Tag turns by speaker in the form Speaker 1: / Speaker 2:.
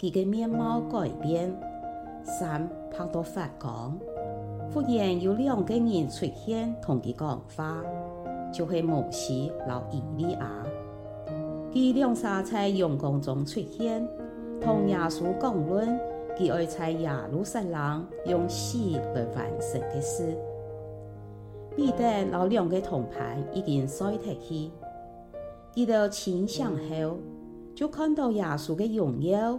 Speaker 1: 佢個面貌改變，三拍到發光。忽然有兩個人出現，同佢講話，就係摩西老以利亞。佢兩三在陽光中出現，同耶穌講論，佢愛在耶路撒冷用死嚟完成嘅事。彼得老兩個同伴已經坐低去，佢哋傾向後就看到耶穌嘅榮耀。